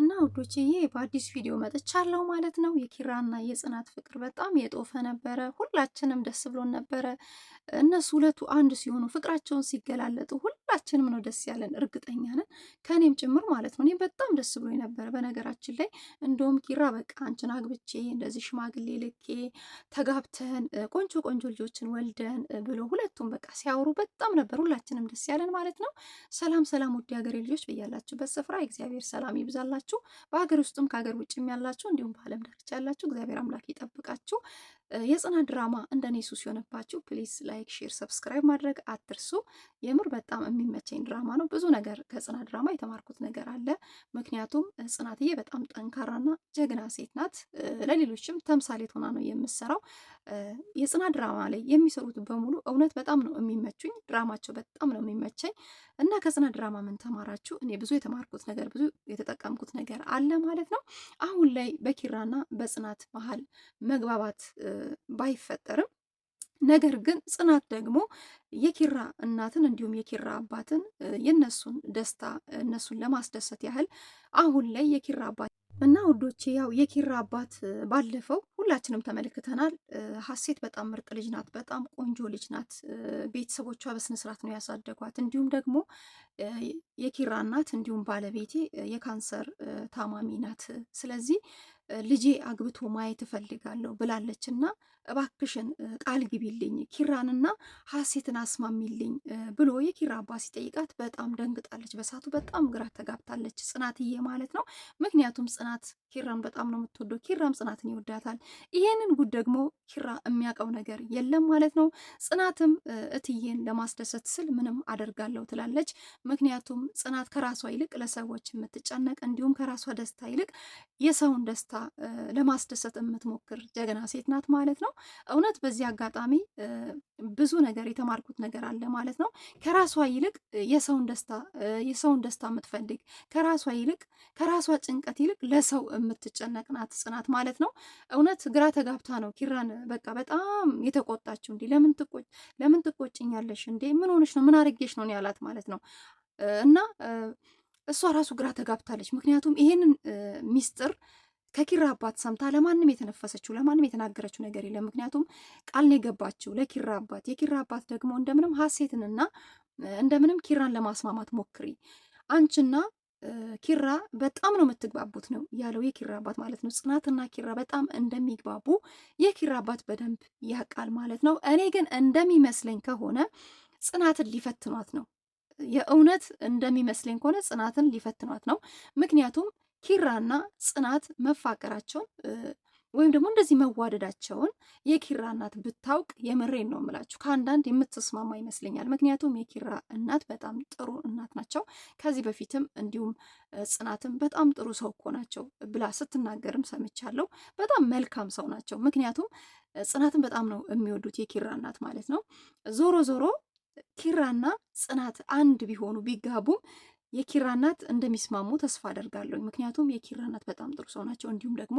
እና ውዶችዬ በአዲስ ቪዲዮ መጥቻለሁ ማለት ነው። የኪራና የጽናት ፍቅር በጣም የጦፈ ነበረ። ሁላችንም ደስ ብሎን ነበረ። እነሱ ሁለቱ አንድ ሲሆኑ ፍቅራቸውን ሲገላለጡ ሁላችንም ነው ደስ ያለን፣ እርግጠኛ ነን ከእኔም ጭምር ማለት ነው። እኔ በጣም ደስ ብሎ ነበረ። በነገራችን ላይ እንደውም ኪራ በቃ አንቺን አግብቼ እንደዚህ ሽማግሌ ልኬ ተጋብተን ቆንጆ ቆንጆ ልጆችን ወልደን ብሎ ሁለቱም በቃ ሲያወሩ በጣም ነበር ሁላችንም ደስ ያለን ማለት ነው። ሰላም ሰላም፣ ውድ ሀገሬ ልጆች በያላችሁበት ስፍራ እግዚአብሔር ሰላም ይብዛላችሁ። ያላችሁ በሀገር ውስጥም ከሀገር ውጭም ያላችሁ እንዲሁም በዓለም ዳርቻ ያላችሁ እግዚአብሔር አምላክ ይጠብቃችሁ። የጽናት ድራማ እንደኔ ሱስ የሆነባችሁ ፕሊስ ላይክ፣ ሼር፣ ሰብስክራይብ ማድረግ አትርሱ። የምር በጣም የሚመቸኝ ድራማ ነው። ብዙ ነገር ከጽናት ድራማ የተማርኩት ነገር አለ። ምክንያቱም ጽናትዬ በጣም ጠንካራና ጀግና ሴት ናት። ለሌሎችም ተምሳሌት ሆና ነው የምሰራው። የጽና ድራማ ላይ የሚሰሩት በሙሉ እውነት በጣም ነው የሚመቹኝ። ድራማቸው በጣም ነው የሚመቸኝ እና ከጽና ድራማ ምን ተማራችሁ? እኔ ብዙ የተማርኩት ነገር ብዙ የተጠቀምኩት ነገር አለ ማለት ነው። አሁን ላይ በኪራና በጽናት መሀል መግባባት ባይፈጠርም ነገር ግን ጽናት ደግሞ የኪራ እናትን እንዲሁም የኪራ አባትን የነሱን ደስታ እነሱን ለማስደሰት ያህል አሁን ላይ የኪራ አባት እና ውዶቼ ያው የኪራ አባት ባለፈው ሁላችንም ተመልክተናል። ሀሴት በጣም ምርጥ ልጅ ናት። በጣም ቆንጆ ልጅ ናት። ቤተሰቦቿ በስነስርዓት ነው ያሳደጓት። እንዲሁም ደግሞ የኪራ እናት እንዲሁም ባለቤቴ የካንሰር ታማሚ ናት። ስለዚህ ልጄ አግብቶ ማየት እፈልጋለሁ ብላለች እና እባክሽን ቃል ግቢልኝ ኪራንና ሀሴትን አስማሚልኝ ብሎ የኪራ አባት ሲጠይቃት በጣም ደንግጣለች። በሳቱ በጣም ግራ ተጋብታለች። ጽናትዬ ማለት ነው። ምክንያቱም ጽናት ኪራን በጣም ነው የምትወደው፣ ኪራም ጽናትን ይወዳታል። ይሄንን ጉድ ደግሞ ኪራ የሚያውቀው ነገር የለም ማለት ነው። ጽናትም እትዬን ለማስደሰት ስል ምንም አደርጋለሁ ትላለች። ምክንያቱም ጽናት ከራሷ ይልቅ ለሰዎች የምትጨነቅ እንዲሁም ከራሷ ደስታ ይልቅ የሰውን ደስታ ለማስደሰት የምትሞክር ጀግና ሴት ናት ማለት ነው። እውነት በዚህ አጋጣሚ ብዙ ነገር የተማርኩት ነገር አለ ማለት ነው። ከራሷ ይልቅ የሰውን ደስታ የሰውን ደስታ የምትፈልግ ከራሷ ይልቅ ከራሷ ጭንቀት ይልቅ ለሰው የምትጨነቅ ናት ጽናት ማለት ነው። እውነት ግራ ተጋብታ ነው ኪራን በቃ በጣም የተቆጣችው። እንዲህ ለምን ትቆጭ ለምን ትቆጭኛለሽ እንዴ? ምን ሆነሽ ነው? ምን አርጌሽ ነው ያላት ማለት ነው። እና እሷ ራሱ ግራ ተጋብታለች። ምክንያቱም ይሄንን ሚስጥር ከኪራ አባት ሰምታ ለማንም የተነፈሰችው ለማንም የተናገረችው ነገር የለም። ምክንያቱም ቃልን የገባችው ለኪራ አባት፣ የኪራ አባት ደግሞ እንደምንም ሀሴትንና እንደምንም ኪራን ለማስማማት ሞክሪ አንቺና ኪራ በጣም ነው የምትግባቡት ነው ያለው የኪራ አባት ማለት ነው። ጽናትና ኪራ በጣም እንደሚግባቡ የኪራ አባት በደንብ ያውቃል ማለት ነው። እኔ ግን እንደሚመስለኝ ከሆነ ጽናትን ሊፈትኗት ነው። የእውነት እንደሚመስለኝ ከሆነ ጽናትን ሊፈትኗት ነው። ምክንያቱም ኪራና ጽናት መፋቀራቸውን ወይም ደግሞ እንደዚህ መዋደዳቸውን የኪራ እናት ብታውቅ የምሬን ነው የምላችሁ፣ ከአንዳንድ የምትስማማ ይመስለኛል። ምክንያቱም የኪራ እናት በጣም ጥሩ እናት ናቸው። ከዚህ በፊትም እንዲሁም ጽናትም በጣም ጥሩ ሰው እኮ ናቸው ብላ ስትናገርም ሰምቻለሁ። በጣም መልካም ሰው ናቸው። ምክንያቱም ጽናትን በጣም ነው የሚወዱት የኪራ እናት ማለት ነው። ዞሮ ዞሮ ኪራና ጽናት አንድ ቢሆኑ ቢጋቡም የኪራ እናት እንደሚስማሙ ተስፋ አደርጋለሁ። ምክንያቱም የኪራ እናት በጣም ጥሩ ሰው ናቸው። እንዲሁም ደግሞ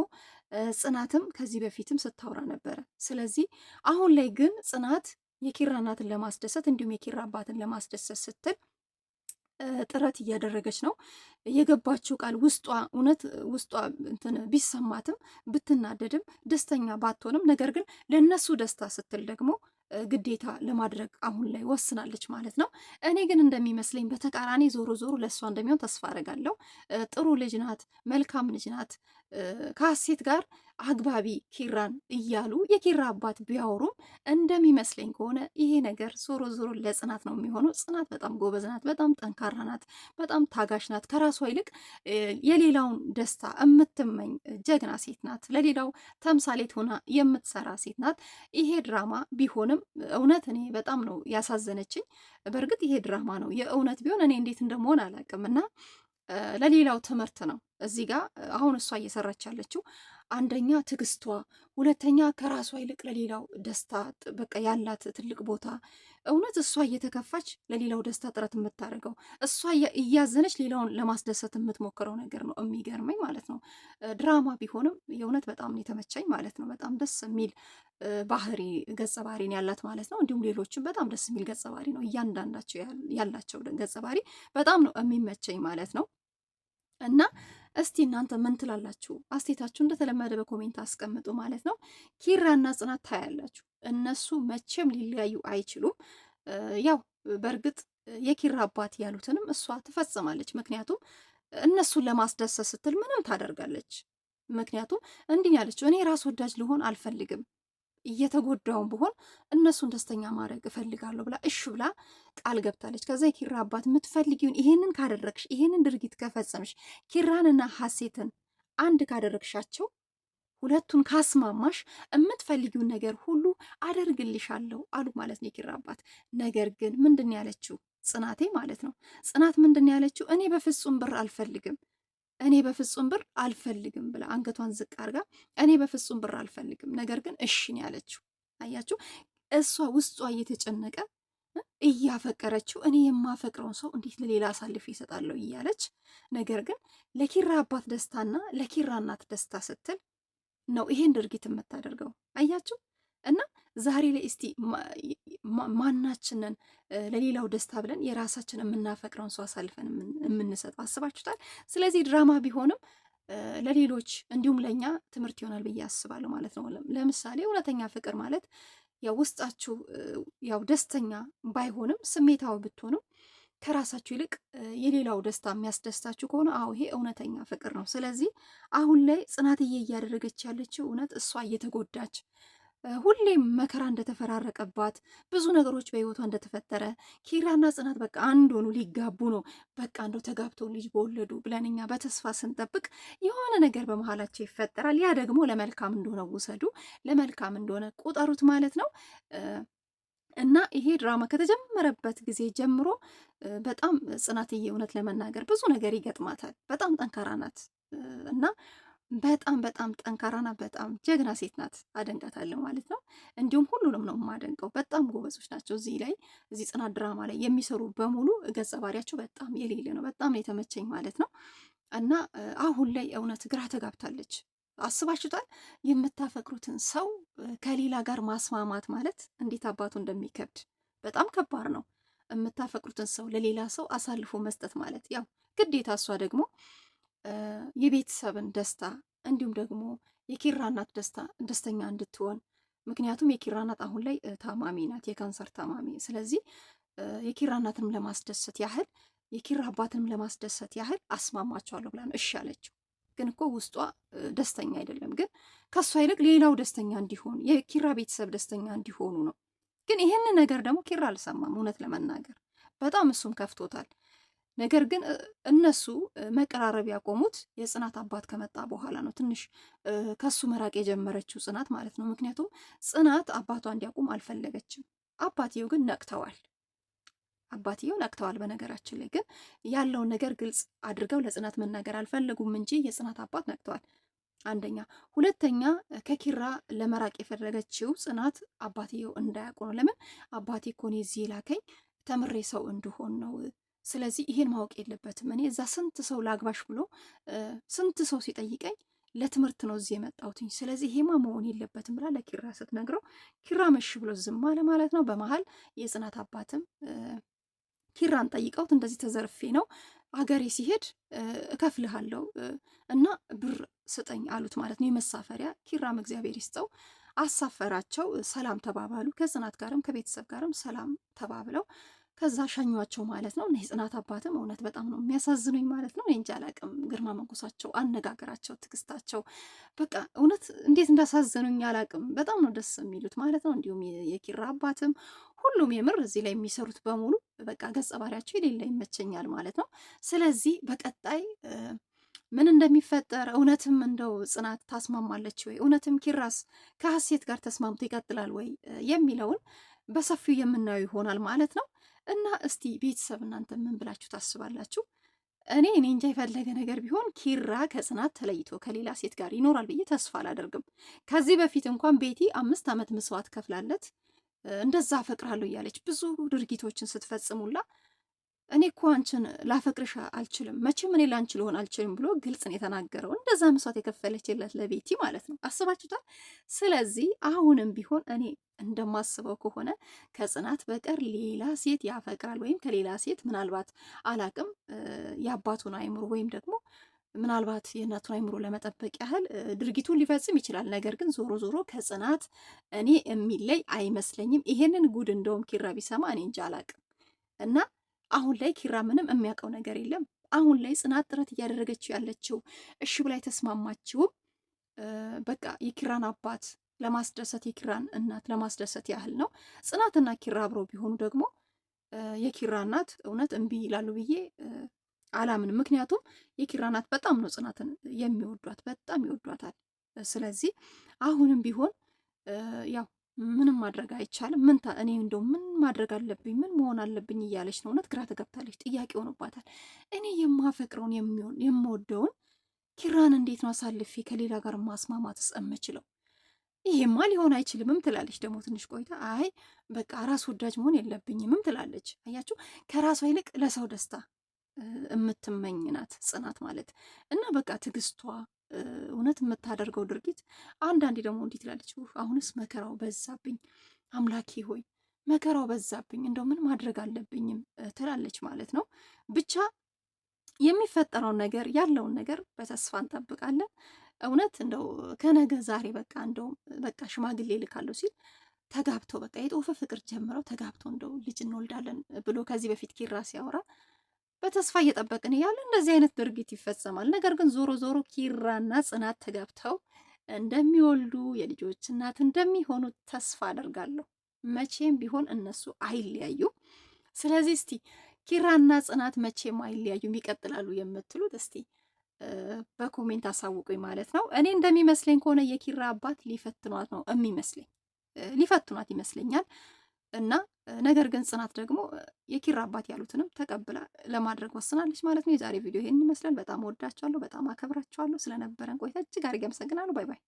ጽናትም ከዚህ በፊትም ስታወራ ነበረ። ስለዚህ አሁን ላይ ግን ጽናት የኪራ እናትን ለማስደሰት እንዲሁም የኪራ አባትን ለማስደሰት ስትል ጥረት እያደረገች ነው። የገባችው ቃል ውስጧ እውነት ውስጧ እንትን ቢሰማትም ብትናደድም ደስተኛ ባትሆንም ነገር ግን ለእነሱ ደስታ ስትል ደግሞ ግዴታ ለማድረግ አሁን ላይ ወስናለች ማለት ነው። እኔ ግን እንደሚመስለኝ በተቃራኒ ዞሮ ዞሮ ለእሷ እንደሚሆን ተስፋ አደርጋለሁ። ጥሩ ልጅ ናት፣ መልካም ልጅ ናት። ከሀሴት ጋር አግባቢ ኪራን እያሉ የኪራ አባት ቢያወሩም እንደሚመስለኝ ከሆነ ይሄ ነገር ዞሮ ዞሮ ለጽናት ነው የሚሆነው። ጽናት በጣም ጎበዝ ናት፣ በጣም ጠንካራ ናት፣ በጣም ታጋሽ ናት። ከራሷ ይልቅ የሌላውን ደስታ የምትመኝ ጀግና ሴት ናት። ለሌላው ተምሳሌት ሆና የምትሰራ ሴት ናት። ይሄ ድራማ ቢሆንም እውነት እኔ በጣም ነው ያሳዘነችኝ። በእርግጥ ይሄ ድራማ ነው፣ የእውነት ቢሆን እኔ እንዴት እንደመሆን አላውቅም እና ለሌላው ትምህርት ነው እዚህ ጋር አሁን እሷ እየሰራች ያለችው አንደኛ ትዕግስቷ፣ ሁለተኛ ከራሷ ይልቅ ለሌላው ደስታ በቃ ያላት ትልቅ ቦታ። እውነት እሷ እየተከፋች ለሌላው ደስታ ጥረት የምታደርገው እሷ እያዘነች ሌላውን ለማስደሰት የምትሞክረው ነገር ነው የሚገርመኝ ማለት ነው። ድራማ ቢሆንም የእውነት በጣም የተመቸኝ ማለት ነው። በጣም ደስ የሚል ባህሪ ገጸ ባህሪን ያላት ማለት ነው። እንዲሁም ሌሎችም በጣም ደስ የሚል ገጸ ባህሪ ነው እያንዳንዳቸው ያላቸው ገጸ ባህሪ በጣም ነው የሚመቸኝ ማለት ነው። እና እስቲ እናንተ ምን ትላላችሁ? አስቴታችሁ እንደተለመደ በኮሜንት አስቀምጡ ማለት ነው። ኪራና ጽናት ታያላችሁ፣ እነሱ መቼም ሊለያዩ አይችሉም። ያው በእርግጥ የኪራ አባት ያሉትንም እሷ ትፈጽማለች። ምክንያቱም እነሱን ለማስደሰት ስትል ምንም ታደርጋለች። ምክንያቱም እንዲህ ያለችው እኔ ራስ ወዳጅ ልሆን አልፈልግም እየተጎዳውን ብሆን እነሱን ደስተኛ ማድረግ እፈልጋለሁ ብላ እሹ ብላ ቃል ገብታለች። ከዛ የኪራ አባት የምትፈልጊውን ይሄንን ካደረግሽ፣ ይሄንን ድርጊት ከፈጸምሽ፣ ኪራንና ሀሴትን አንድ ካደረግሻቸው፣ ሁለቱን ካስማማሽ የምትፈልጊውን ነገር ሁሉ አደርግልሻለሁ አሉ ማለት ነው የኪራ አባት። ነገር ግን ምንድን ያለችው ጽናቴ ማለት ነው ጽናት ምንድን ያለችው እኔ በፍጹም ብር አልፈልግም እኔ በፍጹም ብር አልፈልግም ብላ አንገቷን ዝቅ አርጋ እኔ በፍጹም ብር አልፈልግም፣ ነገር ግን እሽን ያለችው አያችሁ፣ እሷ ውስጧ እየተጨነቀ እያፈቀረችው እኔ የማፈቅረውን ሰው እንዴት ለሌላ አሳልፌ ይሰጣለሁ እያለች ነገር ግን ለኪራ አባት ደስታና ለኪራ እናት ደስታ ስትል ነው ይሄን ድርጊት የምታደርገው። አያችሁ እና ዛሬ ላይ እስቲ ማናችንን ለሌላው ደስታ ብለን የራሳችን የምናፈቅረውን ሰው አሳልፈን የምንሰጠው አስባችሁታል? ስለዚህ ድራማ ቢሆንም ለሌሎች እንዲሁም ለእኛ ትምህርት ይሆናል ብዬ አስባለሁ ማለት ነው። ለምሳሌ እውነተኛ ፍቅር ማለት ያው ውስጣችሁ ያው ደስተኛ ባይሆንም ስሜታዊ ብትሆንም ከራሳችሁ ይልቅ የሌላው ደስታ የሚያስደስታችሁ ከሆነ አዎ ይሄ እውነተኛ ፍቅር ነው። ስለዚህ አሁን ላይ ጽናትዬ እያደረገች ያለችው እውነት እሷ እየተጎዳች ሁሌም መከራ እንደተፈራረቀባት ብዙ ነገሮች በህይወቷ እንደተፈጠረ ኪራና ጽናት በቃ አንድ ሆኑ ሊጋቡ ነው በቃ እንደው ተጋብተው ልጅ በወለዱ ብለን እኛ በተስፋ ስንጠብቅ የሆነ ነገር በመሀላቸው ይፈጠራል። ያ ደግሞ ለመልካም እንደሆነ ውሰዱ፣ ለመልካም እንደሆነ ቁጠሩት ማለት ነው። እና ይሄ ድራማ ከተጀመረበት ጊዜ ጀምሮ በጣም ጽናትዬ እውነት ለመናገር ብዙ ነገር ይገጥማታል። በጣም ጠንካራ ናት እና በጣም በጣም ጠንካራና በጣም ጀግና ሴት ናት። አደንቃታለሁ ማለት ነው። እንዲሁም ሁሉንም ነው የማደንቀው። በጣም ጎበዞች ናቸው። እዚህ ላይ እዚህ ጽናት ድራማ ላይ የሚሰሩ በሙሉ ገጸ ባህሪያቸው በጣም የሌለ ነው። በጣም የተመቸኝ ማለት ነው። እና አሁን ላይ እውነት ግራ ተጋብታለች። አስባችሁታል? የምታፈቅሩትን ሰው ከሌላ ጋር ማስማማት ማለት እንዴት አባቱ እንደሚከብድ በጣም ከባድ ነው። የምታፈቅሩትን ሰው ለሌላ ሰው አሳልፎ መስጠት ማለት ያው ግዴታ እሷ ደግሞ የቤተሰብን ደስታ እንዲሁም ደግሞ የኪራ እናት ደስታ ደስተኛ እንድትሆን ምክንያቱም የኪራ እናት አሁን ላይ ታማሚ ናት፣ የካንሰር ታማሚ። ስለዚህ የኪራ እናትንም ለማስደሰት ያህል የኪራ አባትንም ለማስደሰት ያህል አስማማቸዋለሁ ብላ ነው እሺ አለችው። ግን እኮ ውስጧ ደስተኛ አይደለም። ግን ከእሷ ይልቅ ሌላው ደስተኛ እንዲሆን የኪራ ቤተሰብ ደስተኛ እንዲሆኑ ነው። ግን ይህን ነገር ደግሞ ኪራ አልሰማም። እውነት ለመናገር በጣም እሱም ከፍቶታል። ነገር ግን እነሱ መቀራረብ ያቆሙት የጽናት አባት ከመጣ በኋላ ነው። ትንሽ ከሱ መራቅ የጀመረችው ጽናት ማለት ነው። ምክንያቱም ጽናት አባቷ እንዲያቆም አልፈለገችም። አባትየው ግን ነቅተዋል። አባትየው ነቅተዋል። በነገራችን ላይ ግን ያለውን ነገር ግልጽ አድርገው ለጽናት መናገር አልፈለጉም እንጂ የጽናት አባት ነቅተዋል። አንደኛ። ሁለተኛ ከኪራ ለመራቅ የፈለገችው ጽናት አባትየው እንዳያውቁ ነው። ለምን አባቴ እኮ እኔ እዚህ ላከኝ ተምሬ ሰው እንድሆን ነው ስለዚህ ይሄን ማወቅ የለበትም። እኔ እዛ ስንት ሰው ላግባሽ ብሎ ስንት ሰው ሲጠይቀኝ ለትምህርት ነው እዚህ የመጣሁትኝ። ስለዚህ ሄማ መሆን የለበትም ብላ ለኪራ ስትነግረው ኪራ መሽ ብሎ ዝም አለ ማለት ነው። በመሀል የጽናት አባትም ኪራን ጠይቀውት እንደዚህ ተዘርፌ ነው አገሬ ሲሄድ እከፍልሃለሁ እና ብር ስጠኝ አሉት ማለት ነው። የመሳፈሪያ ኪራም እግዚአብሔር ይስጠው አሳፈራቸው። ሰላም ተባባሉ። ከጽናት ጋርም ከቤተሰብ ጋርም ሰላም ተባብለው ከዛ ሸኟቸው ማለት ነው። እና የጽናት አባትም እውነት በጣም ነው የሚያሳዝኑኝ ማለት ነው። እንጂ አላቅም። ግርማ ሞገሳቸው፣ አነጋገራቸው፣ ትግስታቸው በቃ እውነት እንዴት እንዳሳዘኑኝ አላቅም። በጣም ነው ደስ የሚሉት ማለት ነው። እንዲሁም የኪራ አባትም ሁሉም የምር እዚህ ላይ የሚሰሩት በሙሉ በቃ ገጸ ባህሪያቸው የሌለ ይመቸኛል ማለት ነው። ስለዚህ በቀጣይ ምን እንደሚፈጠር እውነትም እንደው ጽናት ታስማማለች ወይ፣ እውነትም ኪራስ ከሀሴት ጋር ተስማምቶ ይቀጥላል ወይ የሚለውን በሰፊው የምናየው ይሆናል ማለት ነው። እና እስቲ ቤተሰብ እናንተ ምን ብላችሁ ታስባላችሁ? እኔ እኔ እንጃ የፈለገ ነገር ቢሆን ኪራ ከጽናት ተለይቶ ከሌላ ሴት ጋር ይኖራል ብዬ ተስፋ አላደርግም። ከዚህ በፊት እንኳን ቤቲ አምስት ዓመት መስዋዕት ከፍላለት እንደዛ አፈቅራለሁ እያለች ብዙ ድርጊቶችን ስትፈጽሙላ እኔ እኮ አንቺን ላፈቅርሽ አልችልም፣ መቼም እኔ ላንቺ ልሆን አልችልም ብሎ ግልጽ ነው የተናገረው። እንደዛ መስዋዕት የከፈለችለት ለቤቲ ማለት ነው። አስባችሁታል? ስለዚህ አሁንም ቢሆን እኔ እንደማስበው ከሆነ ከጽናት በቀር ሌላ ሴት ያፈቅራል ወይም ከሌላ ሴት ምናልባት አላቅም፣ የአባቱን አይምሮ ወይም ደግሞ ምናልባት የእናቱን አይምሮ ለመጠበቅ ያህል ድርጊቱን ሊፈጽም ይችላል። ነገር ግን ዞሮ ዞሮ ከጽናት እኔ የሚለይ አይመስለኝም። ይሄንን ጉድ እንደውም ኪራ ቢሰማ እኔ እንጃ አላቅም እና አሁን ላይ ኪራ ምንም የሚያውቀው ነገር የለም። አሁን ላይ ጽናት ጥረት እያደረገችው ያለችው እሺ ብላ የተስማማችውም በቃ የኪራን አባት ለማስደሰት የኪራን እናት ለማስደሰት ያህል ነው። ጽናትና ኪራ አብረው ቢሆኑ ደግሞ የኪራ እናት እውነት እምቢ ይላሉ ብዬ አላምን። ምክንያቱም የኪራ እናት በጣም ነው ጽናትን የሚወዷት፣ በጣም ይወዷታል። ስለዚህ አሁንም ቢሆን ያው ምንም ማድረግ አይቻልም። ምን እኔ እንደው ምን ማድረግ አለብኝ ምን መሆን አለብኝ እያለች ነው። እውነት ግራ ተገብታለች። ጥያቄ ሆኖባታል። እኔ የማፈቅረውን የሚሆን የምወደውን ኪራን እንዴት ነው አሳልፌ ከሌላ ጋር ማስማማትስ የምችለው? ይሄማ ሊሆን አይችልምም ትላለች። ደግሞ ትንሽ ቆይታ አይ በቃ ራስ ወዳጅ መሆን የለብኝምም ትላለች። አያችሁ ከራሷ ይልቅ ለሰው ደስታ የምትመኝ ናት ጽናት ማለት እና በቃ ትዕግስቷ እውነት የምታደርገው ድርጊት አንዳንዴ ደግሞ እንዲህ ትላለች፣ አሁንስ መከራው በዛብኝ አምላኬ ሆይ መከራው በዛብኝ፣ እንደው ምን ማድረግ አለብኝም ትላለች ማለት ነው። ብቻ የሚፈጠረውን ነገር ያለውን ነገር በተስፋ እንጠብቃለን። እውነት እንደው ከነገ ዛሬ በቃ እንደው በቃ ሽማግሌ ልካለሁ ሲል ተጋብተው በቃ የጦፈ ፍቅር ጀምረው ተጋብተው እንደው ልጅ እንወልዳለን ብሎ ከዚህ በፊት ኪራ ሲያወራ በተስፋ እየጠበቅን ያለ እንደዚህ አይነት ድርጊት ይፈጸማል። ነገር ግን ዞሮ ዞሮ ኪራና ጽናት ተጋብተው እንደሚወልዱ የልጆች እናት እንደሚሆኑ ተስፋ አደርጋለሁ። መቼም ቢሆን እነሱ አይለያዩ ስለዚህ እስቲ ኪራና ጽናት መቼም አይለያዩም ይቀጥላሉ የምትሉት እስቲ በኮሜንት አሳውቁኝ ማለት ነው። እኔ እንደሚመስለኝ ከሆነ የኪራ አባት ሊፈትኗት ነው የሚመስለኝ ሊፈትኗት ይመስለኛል። እና ነገር ግን ጽናት ደግሞ የኪራ አባት ያሉትንም ተቀብላ ለማድረግ ወስናለች ማለት ነው። የዛሬ ቪዲዮ ይህን ይመስላል። በጣም ወዳቸዋለሁ፣ በጣም አከብራቸዋለሁ። ስለነበረን ቆይታ እጅግ አድርጌ አመሰግናለሁ። ባይ ባይ።